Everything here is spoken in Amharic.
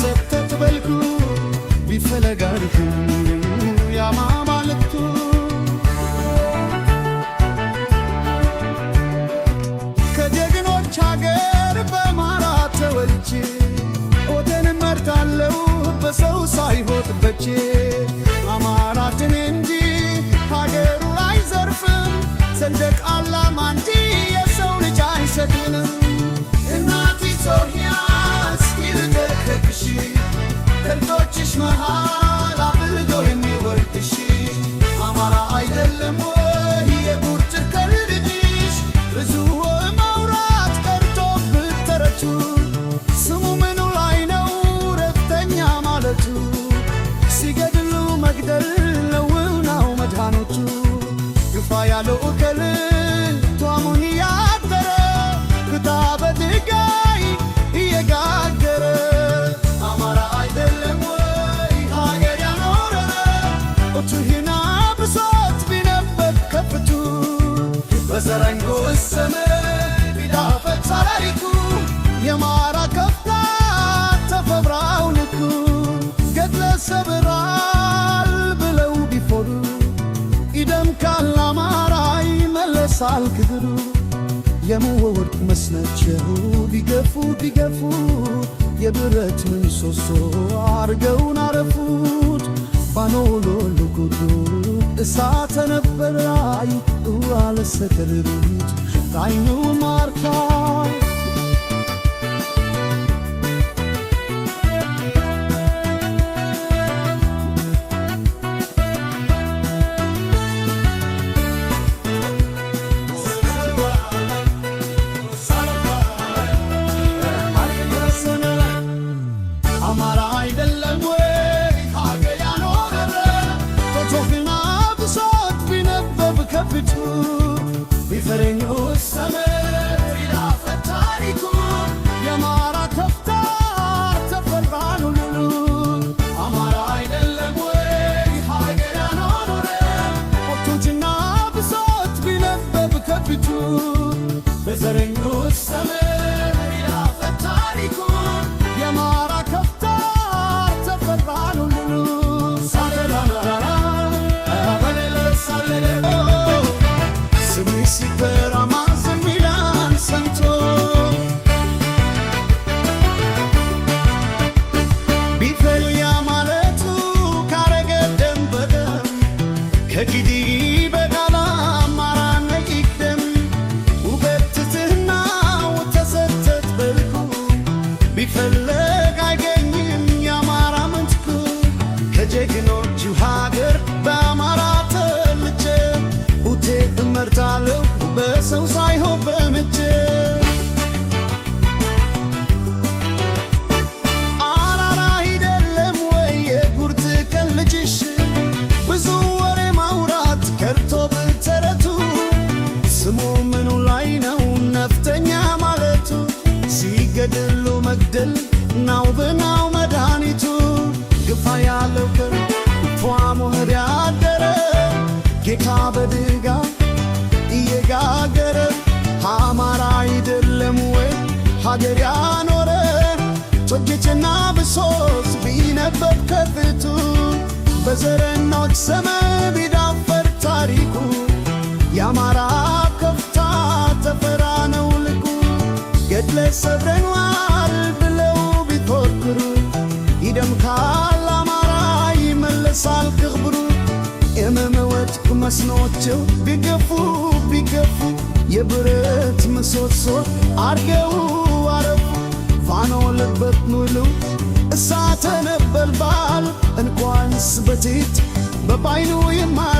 ሰተት በልኩ ቢፈለጋልኩ ያማ ከጀግኖች ሀገር በማራ ተወልቼ መርታለው በሰው በዘረንጎ ስም ቢዳፈት ሳላሪኩ የማራ ከፍታ ተፈብራው ልኩ ገድለ ሰብራል ብለው ቢፎሉ ይደምቃል አማራ ይመለሳል ክብሩ መስነቸው ቢገፉ ቢገፉ የብረት ምንሶሶ አርገውን አረፉት ባኖሎሎ እሳተ ነበረ አይቱ አለሰገርቢት ላይኑ ማርካ diferente. ከኪዲ አማራ ነቂቅደም ውበት ትህናው ተሰተት በልኩ ድል ናው ብናው መድኃኒቱ ግፋ ያለው ክር ፏ ሞህር ያደረ ጌታ በድጋ እየጋገረ አማራ አይደለም ወይ ሀገር ያኖረ ጮጌችና ብሶስ ቢነበብ ከፍቱ በዘረናዎች ሰመ ቢዳፈር ታሪኩ የአማራ ከፍታ ተፈራ ነው ልኩ ገድለ ሰብረ መስኖቸው ቢገፉ ቢገፉ የብረት ምሰሶ አርገው አረፉ። ፋኖ ለበት ሙሉ እሳተ ነበልባል እንኳንስ በቲት በባይኑ የማ